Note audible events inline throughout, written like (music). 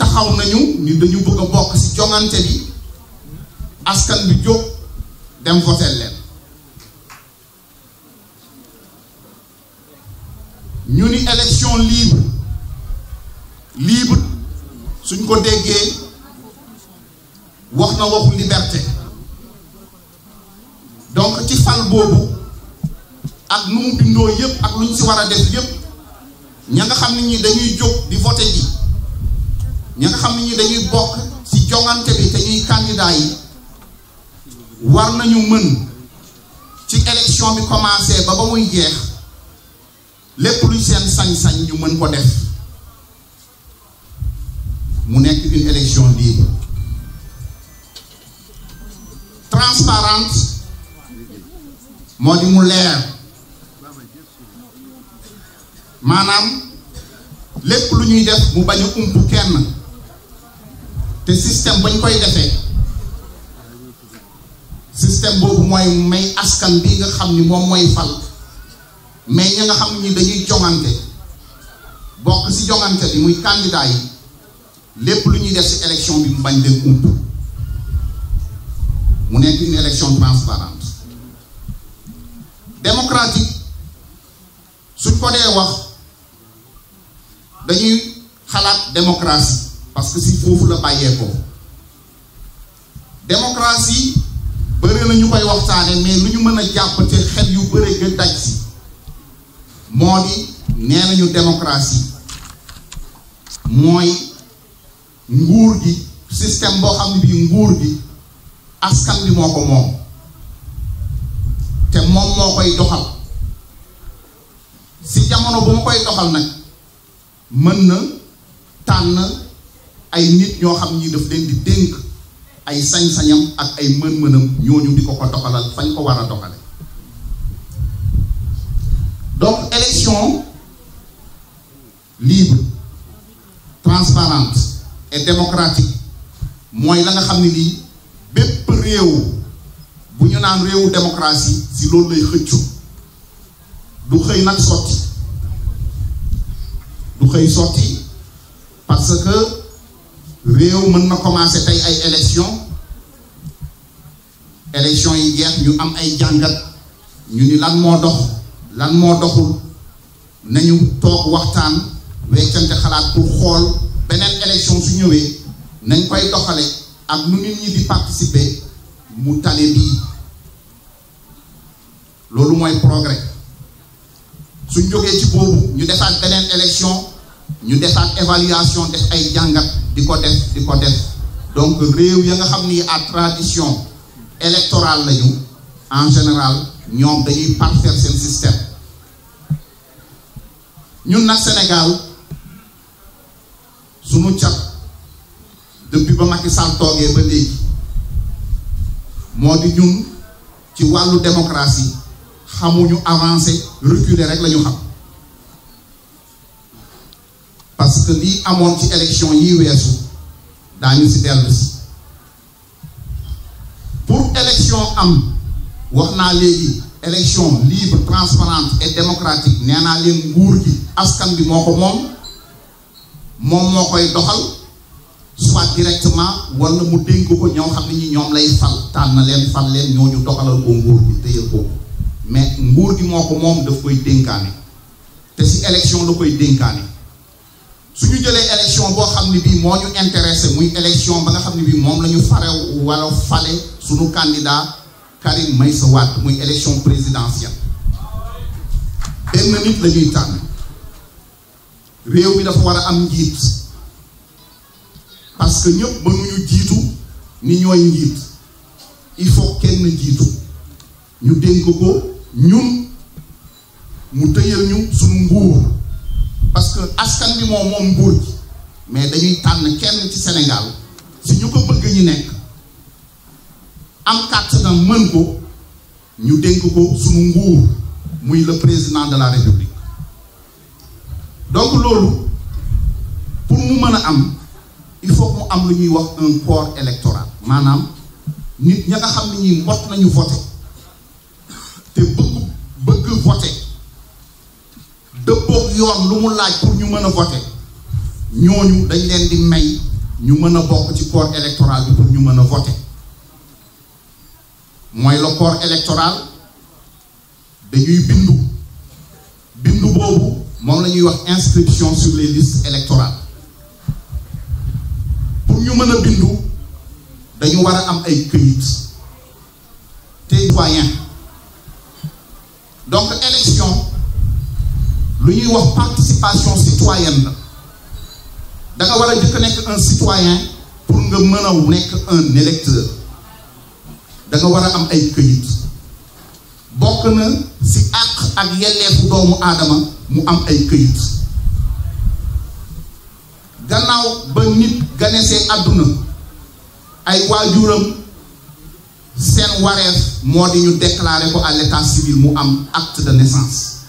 taxaw nañu ni dañu bëgg a bokk ci joŋante bi askan bi jóg dem voter leen ñu ni élection libre libre suñ ko déggee wax na waxu liberté donc ci fal boobu ak nu mu bindoo yépp ak luñ ñu ci war a def yépp ña nga xam ne ñi dañuy jóg di voter ji ñi nga xam ne ñi dañuy bokk ci jongante bi te ñuy candidat yi war nañu mën ci élection bi commencé ba ba muy jeex lépp luy seen sañ-sañ ñu mën ko def mu nekk une élection libre transparente moo di mu leer maanaam lépp lu ñuy def mu bañ a ump kenn te système bañ koy defee système boobu mooy may askan bi nga xam ni moom mooy fal mais ñi nga xam ni dañuy joŋante bokk si joŋante bi muy candidat yi lépp lu ñuy def ci élection bi mu bañ leen ump mu nekk une élection transparente démocratique suñ ko wax dañuy xalaat démocratie parce que si foofu la bàyyee ko démocratie bëri koy waxtaane mais lu ñu mën a jàpp te xel yu bëri nga daj si moo di nee nañu démocratie mooy nguur gi système boo xam bii nguur gi askan bi moo ko moom te moom moo koy doxal si jamono bu ma koy doxal nag mën na tànn ay nit ñoo xam ni daf leen di dénk ay sañ-sañam ak ay mën-mënam ñooñu di ko ko doxalal fañ ko war a doxale donc élection libre transparente et démocratique mooy la nga xam ne nii bépp réew bu ñu naan réewu démocratie si loolu lay xëccu du xëy nag sotti du xëy sotti parce que réew mën na commencé tey ay élection élection yi jeex ñu am ay jàngat ñu ni lan moo dox lan moo doxul nañu toog waxtaan weccante xalaat pour xool élection su nous nañ koy doxale ak nu nit ñi di participer mu tane bii loolu mooy progrès ci ñu ñu une évaluation def ay jàngat di def donc réew ya nga à tradition électorale lañu en général nous dañuy parfaire ce système ñun au Sénégal cat depuis ba Macky Sall ba léegi moo ñun ci démocratie xamuñu avancer reculer rek la parce que lii amoon ci élection yi weesu daañu si dellu si pour élection am wax naa léegi élection libre transparente et démocratique nee naa leen nguur gi askan bi moo ko moom moom moo koy doxal directement wala mu dénk ko ñoo xam lay tànn leen fal leen ñooñu nguur gi téye ko mais moom daf koy dénkaane te si élection la koy dénkaane suñu jëlee élection boo xam ne bi moo ñu intéressé muy élection ba nga xam ne bii moom la ñu fare wala fale suñu candidat Karim Meïssa Wade muy élection présidentielle benn nit la ñuy tànn réew mi dafa war a am njiit parce que ñëpp mënuñu jiitu ni ñooy njiit il faut kenn jiitu ñu dénk ko ñun mu tëyal ñu suñu nguur parce que askan bi moom moom nguur gi mais dañuy tànn kenn ci Sénégal si ñu ko bëgg ñu nekk am kàttanam mën ko ñu dénk ko suñu nguur muy le président de la république donc loolu pour mu mën a am il faut mu am lu ñuy wax un corps électoral maanaam nit ña nga xam ne ñi mbott nañu voté te bëgg bëgg voté dëppoog yoon lu mu laaj pour ñu mën a voter ñooñu dañ leen di may ñu mën a bokk ci corps électoral bi pour ñu mën voter mooy le corps électoral dañuy bindu bindu boobu moom la ñuy wax inscription sur les listes électorales pour ñu mën a bindu dañu war a am ay këyit te donc élection y niveau une participation citoyenne la da je un citoyen pour que mën a un électeur suis nga a am ay si ak suis doomu Je mu am ay suis gannaaw ba nit Je ay ñu déclarer à l'état civil mu am acte de naissance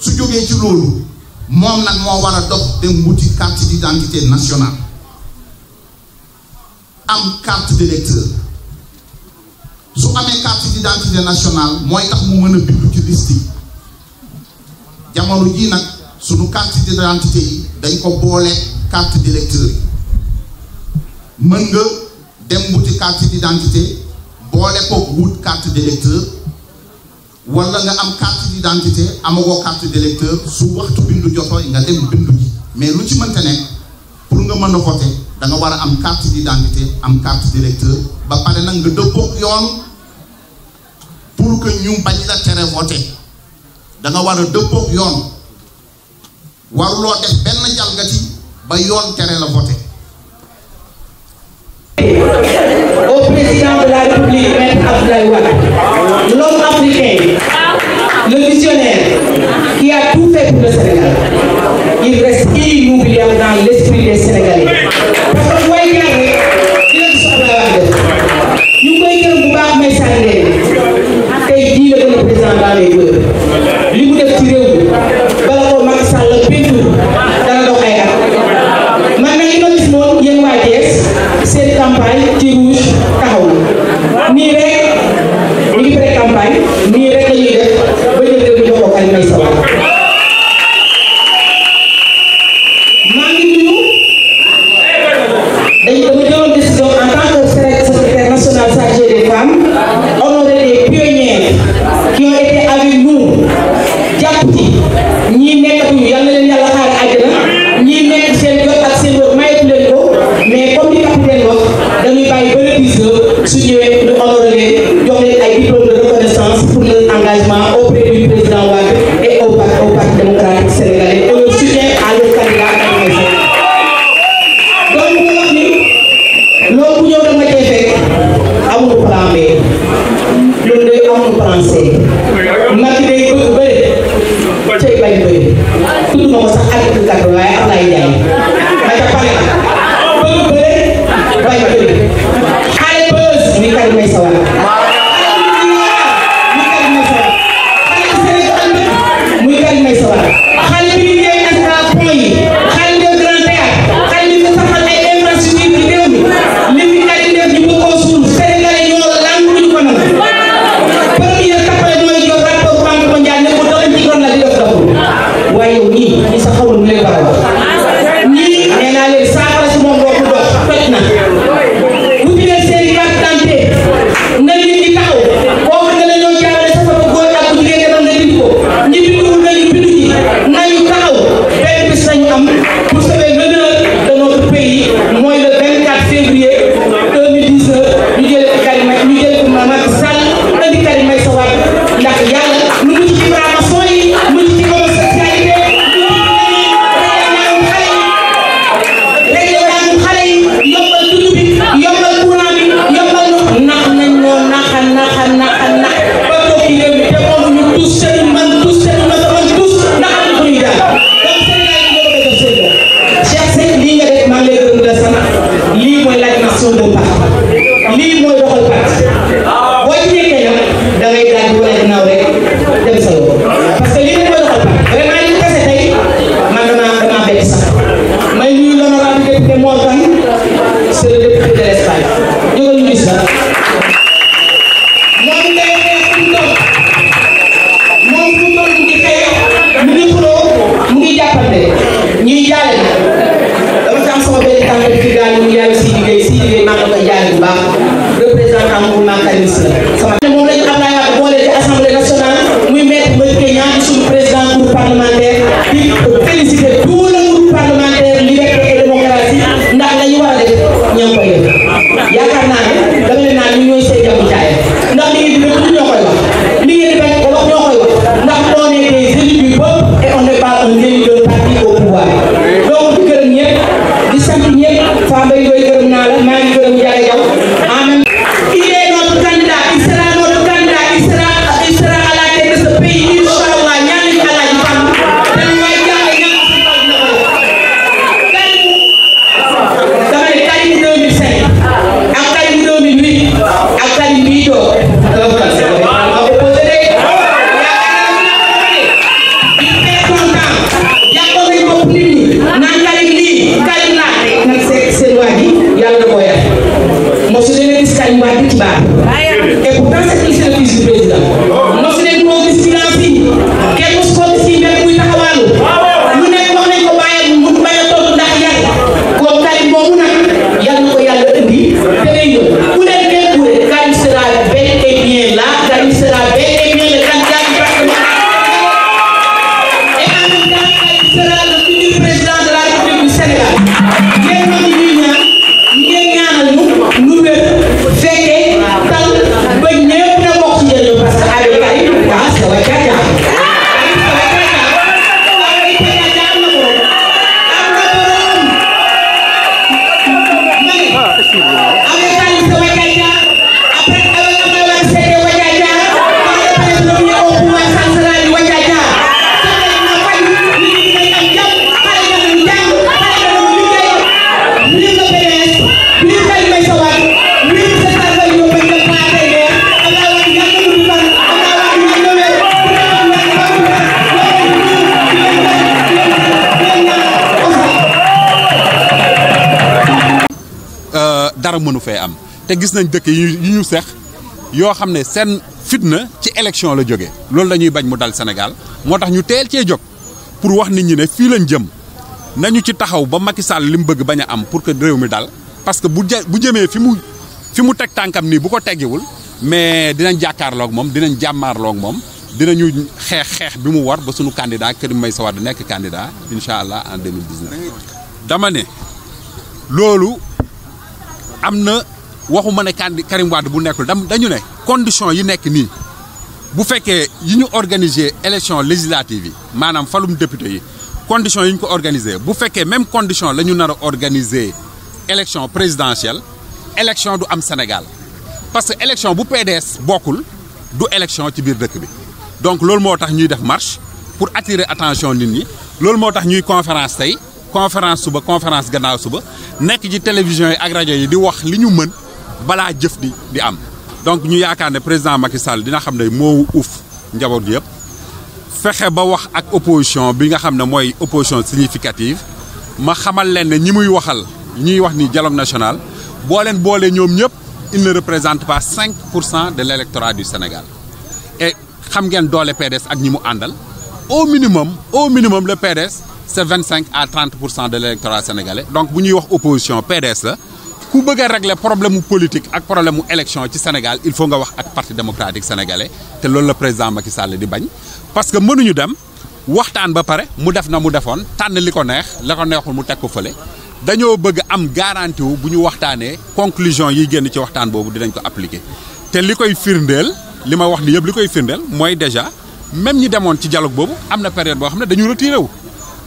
su jógee ci loolu moom nag moo war a dox dem wuti carte d'identité national am carte d'électeur su amee carte d'identité nationale mooy tax mu mën a bindu ci liste jamono jii nag sunu carte d'identité yi dañ ko boole carte d'électeur mën nga dem wuti carte d'identité boole ko wut carte d'électeur wala nga am carte d'identité amagoo carte d'électeur su waxtu bindu joto nga dem bindu ji mais lu ci mënte nek pour nga mën a voter da nga wara am carte d'identité am carte d'électeur ba paré nag nga dëppoog yoon pour que ñu bañ la tere voter da nga wara a yoon yoon lo def ben jalgati ba yoon tere la voter au président de la République Maître Abdoulaye Wade l'homme africain, le visionnaire, qui a tout fait pour le Sénégal. Il reste inoubliable dans l'esprit des Sénégalais. dara mënu fee am te gis nañ dëkk yi ñu seex yoo xam ne seen fitna ci élection la jóge loolu la ñuy bañ mu dal Sénégal moo tax ñu teel cee jóg pour wax nit ñi ne fii lañ jëm nañu ci taxaw ba Macky Sall li mu bëgg bañ am pour que réew mi dal parce que bu bu jëmee fi mu fi mu teg tànkam nii bu ko teggiwul mais dinañ jàkkaarloog moom dinañ jàmmaarlook moom dinañu xeex xeex bi mu war ba sunu candidat may Meïssa Wade nekk candidat incha allah en 2019 dama ne loolu am na waxuma ne Karim Wade bu nekkul dañu ne condition yi nekk ni bu fekkee yi ñu organiser élection législative yi maanaam falum député yi condition yi ñu ko organiser bu fekkee même condition la ñu nar a organiser élection présidentielle élection du am Sénégal parce que élection bu PDS bokkul du élection ci biir dëkk bi donc loolu moo tax ñuy def marche pour attirer attention nit ñi loolu moo tax ñuy conférence tey conférence suba conférence gannaaw suba nek ci télévision ak radio yi di wax li ñu mën bala jëf di di am donc ñu yaakaar ne président Macky Sall dina xam ne moo uuf njaboot gi yëpp fexe ba wax ak opposition bi nga xam ne mooy opposition significative ma xamal leen ne ñi muy waxal ñuy wax ni dialogue national boo leen boolee ñoom ñëpp il ne représente pas 5 pour cent de l' électorat du Sénégal et xam ngeen doole PDS ak ñi mu àndal au minimum au minimum le PDS c'est 25 à 30 de l'électorat sénégalais donc si wax opposition PDS la ku bëgg régler problème problèmes politique ak problème mu élection ci Sénégal il faut nga wax ak parti démocratique sénégalais te loolu le président Macky Sall di bañ parce que mënuñu d'Am waxtaan ba pare mu def na mu defoon tànn li ko neex la ko neexul mu teg ko fële dañoo bëgg am garantie wu bu ñu waxtaanee conclusion yi génn ci waxtaan boobu dinañ ko appliquer te li koy firndeel li ma wax ni yëpp li koy firndeel mooy déjà même ñi demoon ci dialogue boobu am na période boo xam ne dañu retiré wu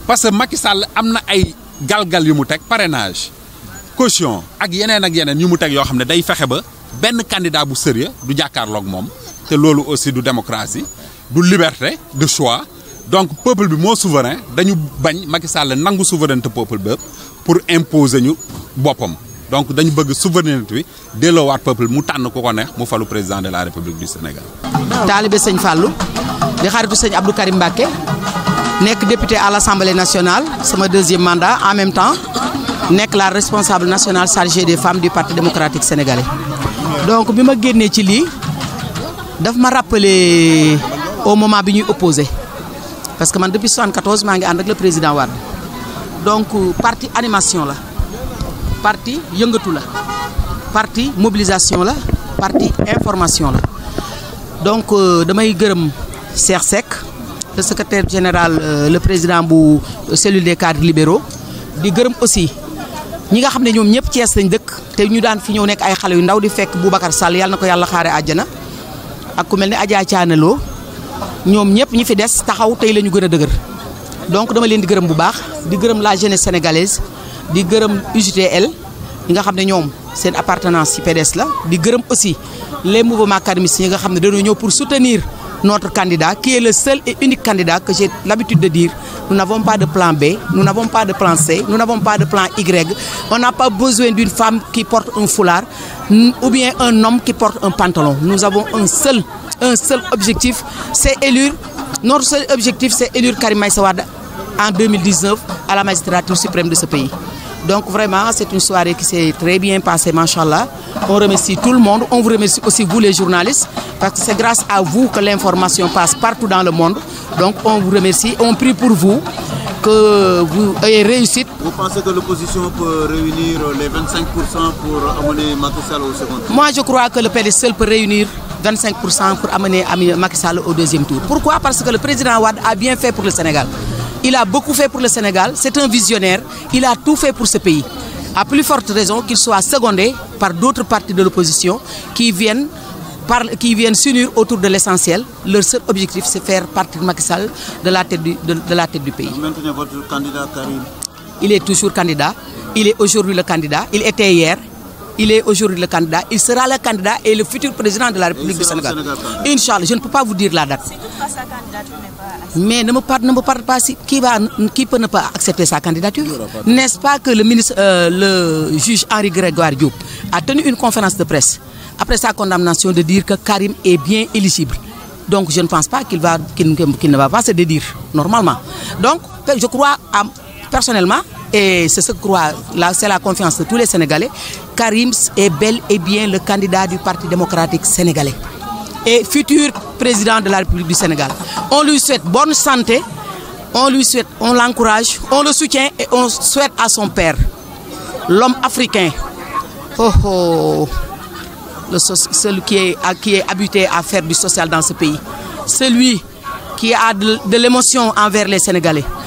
parce que Macky Sall amna na ay galgal yu mu tek parrainage caution ak yenen ak yenen yu mu tek yo xam day fexe ba candidat bu sérieux du ak mom té lolu aussi du démocratie du liberté de choix donc peuple bi mo souverain dañu bañ Macky Sall nangu souveraineté peuple bëpp pour imposer ñu bopam donc dañu bëgg souveraineté bi delloowaat peuple mu tànn ku neex mu falu président de la république du Sénégal. talibé seigne Fallou di xaritu seigne Abdou Karim Mbacké suis député à l'Assemblée nationale C'est mon deuxième mandat en même temps nek la responsable nationale chargée des femmes du Parti démocratique sénégalais donc je me suis dit je je me rappeler au moment bi ñuy opposé parce que depuis 1974, je suis le président Ward. donc parti animation là, parti parti mobilisation là, parti information là. donc euh, damay suis Cheikh Sek, le secrétaire général euh, le président la cellule des cadres libéraux di aussi ñi nga de lañ ñu daan fi ñëw ay yu ndaw di fekk Boubacar Sall yalla ak ku fi des taxaw donc dama leen di gërëm bu la jeunesse sénégalaise di gërëm nous nga appartenance ci PDS la aussi les mouvements académiques pour soutenir notre candidat, qui est le seul et unique candidat que j'ai l'habitude de dire, nous n'avons pas de plan B, nous n'avons pas de plan C, nous n'avons pas de plan Y. On n'a pas besoin d'une femme qui porte un foulard ou bien un homme qui porte un pantalon. Nous avons un seul, un seul objectif, c'est élire. Notre seul objectif, c'est élire Karim Maïsawad en 2019 à la magistrature suprême de ce pays. Donc vraiment, c'est une soirée qui s'est très bien passée, machallah. On remercie tout le monde. On vous remercie aussi, vous les journalistes, parce que c'est grâce à vous que l'information passe partout dans le monde. Donc on vous remercie. On prie pour vous que vous ayez réussite. Vous pensez que l'opposition peut réunir les 25% pour amener Macky Sall au second tour Moi, je crois que le PDC peut réunir 25% pour amener Macky Sall au deuxième tour. Pourquoi Parce que le président Ouad a bien fait pour le Sénégal. Il a beaucoup fait pour le Sénégal, c'est un visionnaire, il a tout fait pour ce pays. A plus forte raison qu'il soit secondé par d'autres partis de l'opposition qui viennent qui viennent s'unir autour de l'essentiel. Leur seul objectif, c'est faire partir Macky de la tête de, la tête du pays. votre candidat Karim Il est toujours candidat. Il est aujourd'hui le candidat. Il était hier il est aujourd'hui le candidat, il sera le candidat et le futur président de la République du Sénégal. Inch'Allah, je ne peux pas vous dire la date. Mais ne me parle, ne me parle pas qui, va, qui peut ne pas accepter sa candidature. N'est-ce pas que le, ministre, euh, le juge Henri Grégoire Diop a tenu une conférence de presse après sa condamnation de dire que Karim est bien éligible. Donc je ne pense pas qu'il ne va pas se dédire normalement. Donc je crois personnellement et c'est ce croit, c'est la confiance de tous les Sénégalais. Karim's est bel et bien le candidat du Parti démocratique sénégalais et futur président de la République du Sénégal. On lui souhaite bonne santé, on lui souhaite, on l'encourage, on le soutient et on souhaite à son père, l'homme africain, oh oh, le, celui qui est, qui est habité à faire du social dans ce pays, celui qui a de l'émotion envers les Sénégalais.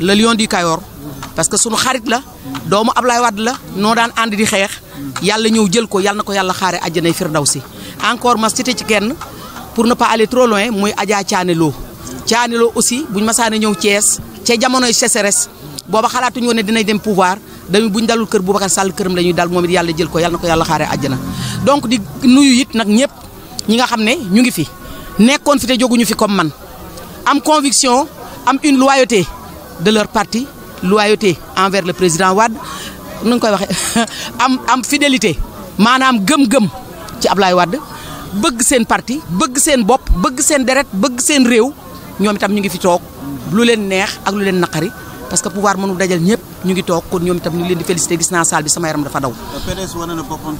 le lion du Kayor parce que sunu xarit la doomu ablay wad la no daan ànd di xex yalla ñew jël ko yalla nako yalla xare aljana firdausi encore ma cité ci kenn pour ne pas aller trop loin moy Adja Thiané Lo Lo aussi buñ ma ñëw ñew ca ci jamono booba boba woon ne dinañ dem pouvoir dañu buñ dalul kër Boubacar Sall këram la ñuy dal momit yalla jël ko yalla nako yalla xare aljana donc di nuyu yit nak ñepp ñi nga xam ne ñu ngi fi nekkon fi te joguñu fi comme man am conviction am une loyauté de leur parti loyauté envers le président Wade Nous (laughs) avons fidélité Nous avons Wade parti bëgg sen bop, sen deret nous sen ñu parce que pouvoir mënu dajal ñëpp ñu ngi toog kon ñoom itam ñu ngi leen di félicité gis naa saal bi sama yaram dafa daw. PDS wane na boppam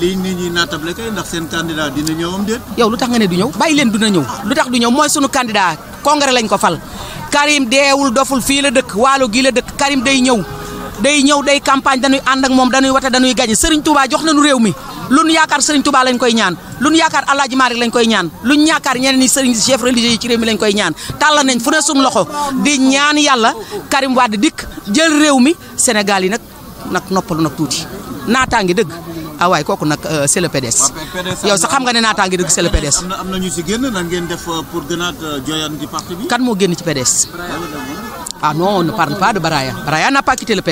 euh, ndax seen candidat dina ñëw yow lu tax nga ne du ñëw bay leen dina ñëw lu tax du ñëw mooy suñu candidat congrès lañ ko fal Karim deewul doful fii la dëkk waalo gii la dëkk Karim day ñëw day ñëw day campagne dañuy ànd ak moom dañuy wata dañuy gañ Serigne Touba jox nañu réew mi lu nu yaakaar Serigne Touba lañ koy ñaan lu nu yaakaar El Hadj Malick lañ koy ñaan lu ñu yaakaar ñeneen ñi Serigne chef religieux yi ci réew koy ñaan tàllal nañ fu ne suñu loxo di ñaan yàlla Karim Wade dikk jël réew mi Sénégal yi nag nag noppalu nag tuuti ngi dëgg. ah waay kooku nag euh, c'est le PDS. yow xam nga ne naataangi dëgg c'est le PDS. am am na ñu si génn euh, euh, kan moo génn ci PDS. a ah non on ne parle pas de Baraya Baraya n'a pas quitté le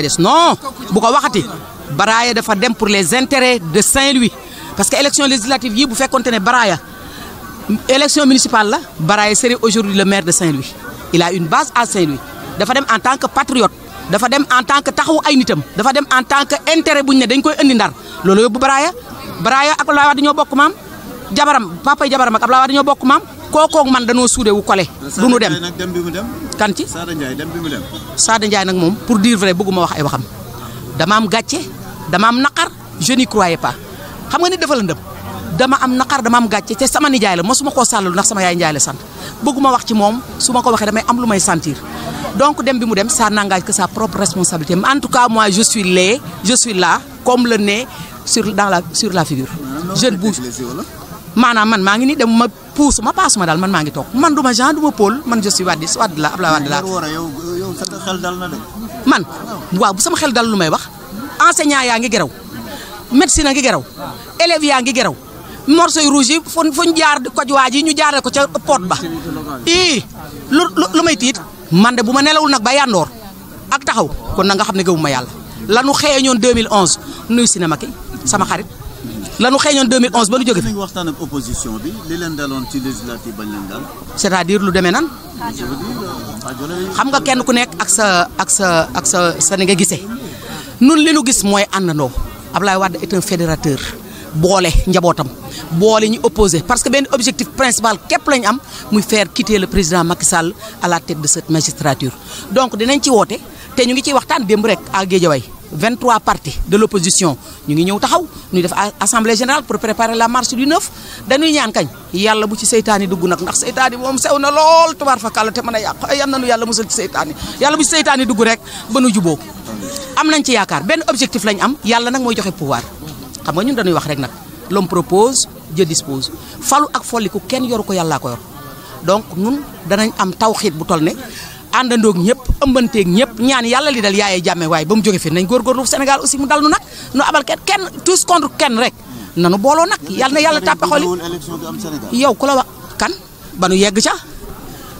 Baraya dafa dem pour les intérêts de Saint-Louis parce que élection législative yi bu Baraya élection municipale Baraya serait aujourd'hui le maire de Saint-Louis il a une base à Saint-Louis dafa en tant que patriote dafa en tant que ay nitam en tant que intérêt buñ né dañ koy andi ndar Baraya Baraya ak bokk maam jabaram jabaram ak bokk maam man wu pour dire vrai bëgguma wax ay waxam dama am dama am nakar je n'y croyais pas xam nga ni defal ndeb dama am nakar dama am gatché te sama nijaay la mosuma ko sàllalu nak sama yaay nijaay la sant bëgguma wax ci mom suma ko waxee damay am lu may sentir donc dem bi mu dem ça n'engage que sa propre responsabilité en tout cas moi je suis là je suis là comme le nez sur dans la sur la figure je ne bouge maanaam man maa ngi ni dem ma pousse ma passe ma dal man maa ngi man duma Jean duma Paul man je suis wadi wad la abla wad la man wa bu sama xel dal lu may wax enseignant yaa ngi geraw médecine a ngi geraw élèves yaa ngi geraw morceau rouge yi fuñ fuñ jaar ñu ko ba ii lu lu may tiit man de bu ma nelawul nag ba yandoor ak taxaw kon nga lanu 2011 nuy cinéma ki sama xarit lanu xeñon 2011 ba nu joge fi waxtan ak opposition bi li len dalon ci législative bañ len dal c'est-à-dire lu démé nan xam nga kenn ku nek ak sa ak sa ak sa sa nga gisé Nous, li nu gis mooy àndandoo Ablaye wad est un fédérateur bolé njabotam bolé ñu opposé parce que l'objectif objectif principal képp lañ am muy faire quitter le président Macky Sall à la tête de cette magistrature donc dinañ ci woté té ñu ngi ci waxtaan démb rek à Guédiaway 23 partis de l'opposition. ñu ngi ñëw taxaw ñu def assemblée générale pour préparer la marche du 9 dañuy ñaan kañ yalla bu ci seytaani dugg nak ndax seytaani mom sew na lool fa fakàlla te mën a ay am nañu yàlla musal ci seytaani yalla bu ci seytaani dugg rek ba nu juboo am nañ ci yaakaar ben objectif lañ am yalla nak moy joxe pouvoir xam nga ñun dañuy wax rek nak l'homme propose Dieu dispose falu ak foliku ken yoru ko yalla ko yor donc ñun danañ am tawhid bu toll ne ñep ëmbante nyep, ñep ñaan yalla li dal yaay jame way bu mu joge fi nañ lu senegal aussi mu dal nu nak nu abal ken ken tous contre ken rek nanu bolo nak yalla yalla yàlla xoli yow kula wax kan banu yegg ca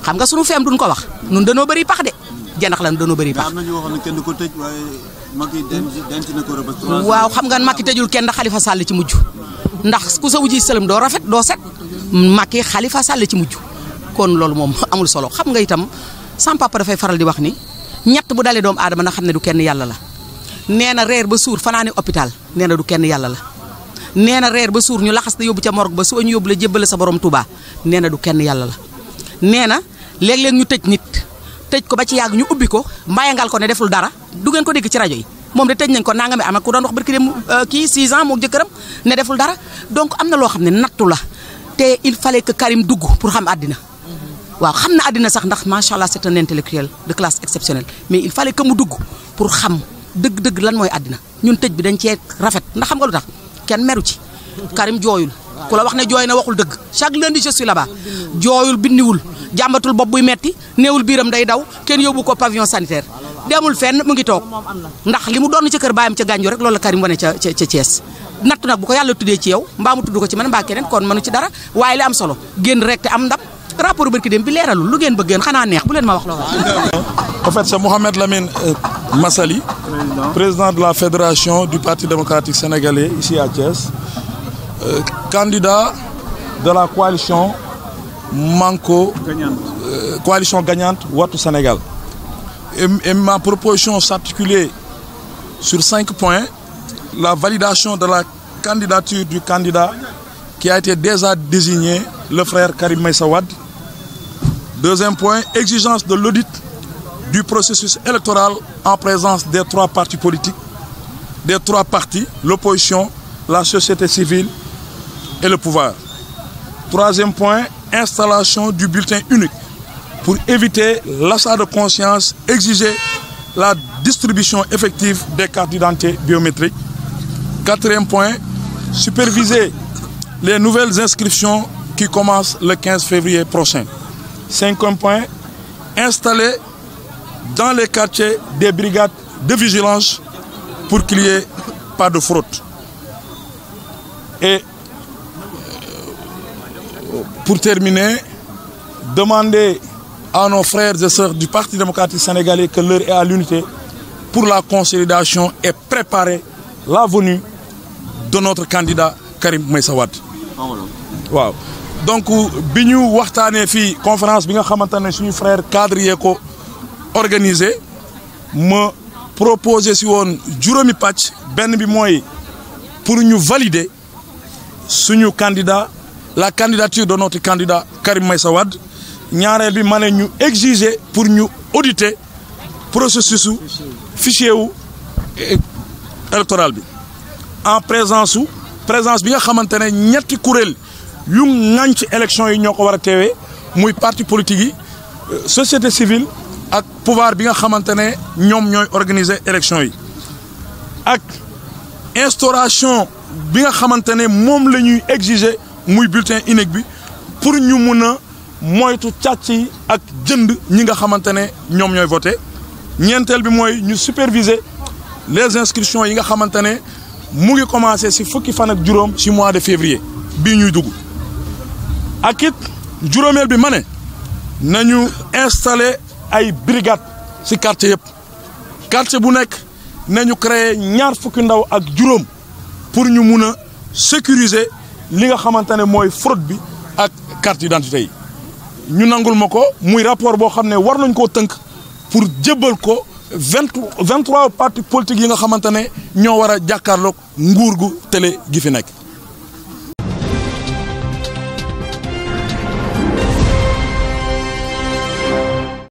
xam nga suñu fem duñ ko wax nun dañu bari pax de jenax lan dañu bari pax waaw xam nga makki tejul ken Khalifa Sall ci mujj ndax ku sa wuji sëlëm do rafet do set makki Khalifa Sall ci kon loolu mom amul solo xam nga itam sam papa fay faral di wax ni ñett bu dalé doom adam na xamné du kenn yalla la néna rër ba sour fanani hôpital néna du kenn yalla la néna rër ba sour ñu laxas yobu ca morgue ba su ñu la jébal sa borom tuba néna du kenn yalla la néna lég lég ñu tejj nit tejj ko ba ci yag ñu ubbi ko mbayangal ko né deful dara du ngeen ko dégg ci radio yi mom de tejj nañ ko nangam am ak ku doon wax barki dem ki 6 ans mo jëkëram né deful dara donc amna lo xamné natula té il fallait que karim dugg pour xam adina waaw xam na àddina sax ndax macha allah c'est un intellectuel de classe exceptionnelle mais il fallait que mu dugg pour xam dëgg-dëgg lan mooy àddina ñun tëj bi dañ cee rafet ndax xam nga lu kenn meru ci. Karim jooyul ku la wax ne jooy na waxul dëgg chaque lundi je suis là-bas jooyul bindiwul jàmbatul bopp buy metti newul biiram day daw kenn yóbbu ko pavillon sanitaire. demul fenn mu ngi toog ndax li mu doon ca kër baayam ca gànjo rek loolu la Karim wane ca ca ca Thiès natt nag bu ko yàlla tuddee ci yow mbaa ko ci man mbaa keneen kon mënu ci dara waaye li am solo rek te am rapport en fait c'est Mohamed Lamine euh, Massali président de la fédération du parti démocratique sénégalais ici à Thiès euh, candidat de la coalition Manco gagnante. Euh, coalition gagnante Watou Sénégal et, ma proposition s'articulait sur cinq points la validation de la candidature du candidat qui a été déjà désigné, le frère Karim Maïsawad, Deuxième point, exigence de l'audit du processus électoral en présence des trois partis politiques, des trois partis, l'opposition, la société civile et le pouvoir. Troisième point, installation du bulletin unique pour éviter l'achat de conscience, exiger la distribution effective des cartes d'identité biométriques. Quatrième point, superviser les nouvelles inscriptions qui commencent le 15 février prochain. 50 points installés dans les quartiers des brigades de vigilance pour qu'il n'y ait pas de fraude. Et euh, pour terminer, demander à nos frères et sœurs du Parti démocratique sénégalais que l'heure est à l'unité pour la consolidation et préparer la venue de notre candidat Karim Meissawad. Wow donc nous waxtané fi conférence bi nga frère cadre organisé proposé pour nous valider candidat la candidature de notre candidat Karim Maïsawad. Nous bi pour nous auditer processus fichier électoral en présence ou présence bi nga yu ŋànc élection yi ñoo ko war a teewee muy parti politique yi euh, société civile ak pouvoir bi nga xamante ne ñoom ñooy organiser élection yi ak instauration bi nga xamante ne moom exiger muy bulletin unique bi pour ñu mun a moytu càcc yi ak jënd ñi nga xamante ñom ñoy ñooy voté ñeenteel bi moy ñu superviser les inscriptions yi nga xamante mu ngi commencer ci fukki fan ak juroom ci mois de février bi ñuy dugg ak it juróomeel bi ma ne nañu installé ay brigade si quartier yëpp quartier bu nekk nañu créer ñaar fukki ndaw ak juróom pour ñu mun a sécuriser li nga xamante ne mooy fraude bi ak carte d'identité yi ñu nangul ma ko muy rapport boo xam ne war nañ koo tënk pour jébbal ko vingt vingt trois partis politiques yi nga xamante ne ñoo war a jàkkaarloog nguur gu télé gi fi nekk.